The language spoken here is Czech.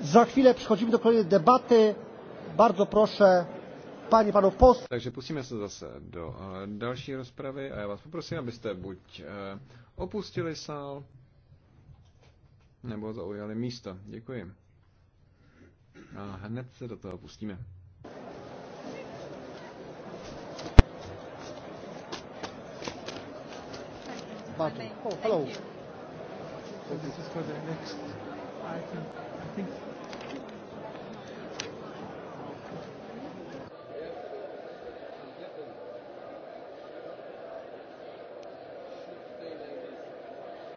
Za chwilę przechodzimy do kolejnej debaty. Bardzo proszę paní panu post. Takže pustíme se zase do eh, další rozpravy a já vás poprosím, abyste buď eh, opustili sál, nebo zaujali místo. Děkuji. A hned se do toho pustíme. But, oh, hello. So this is for the next item. I think